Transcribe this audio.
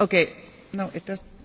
okay no it does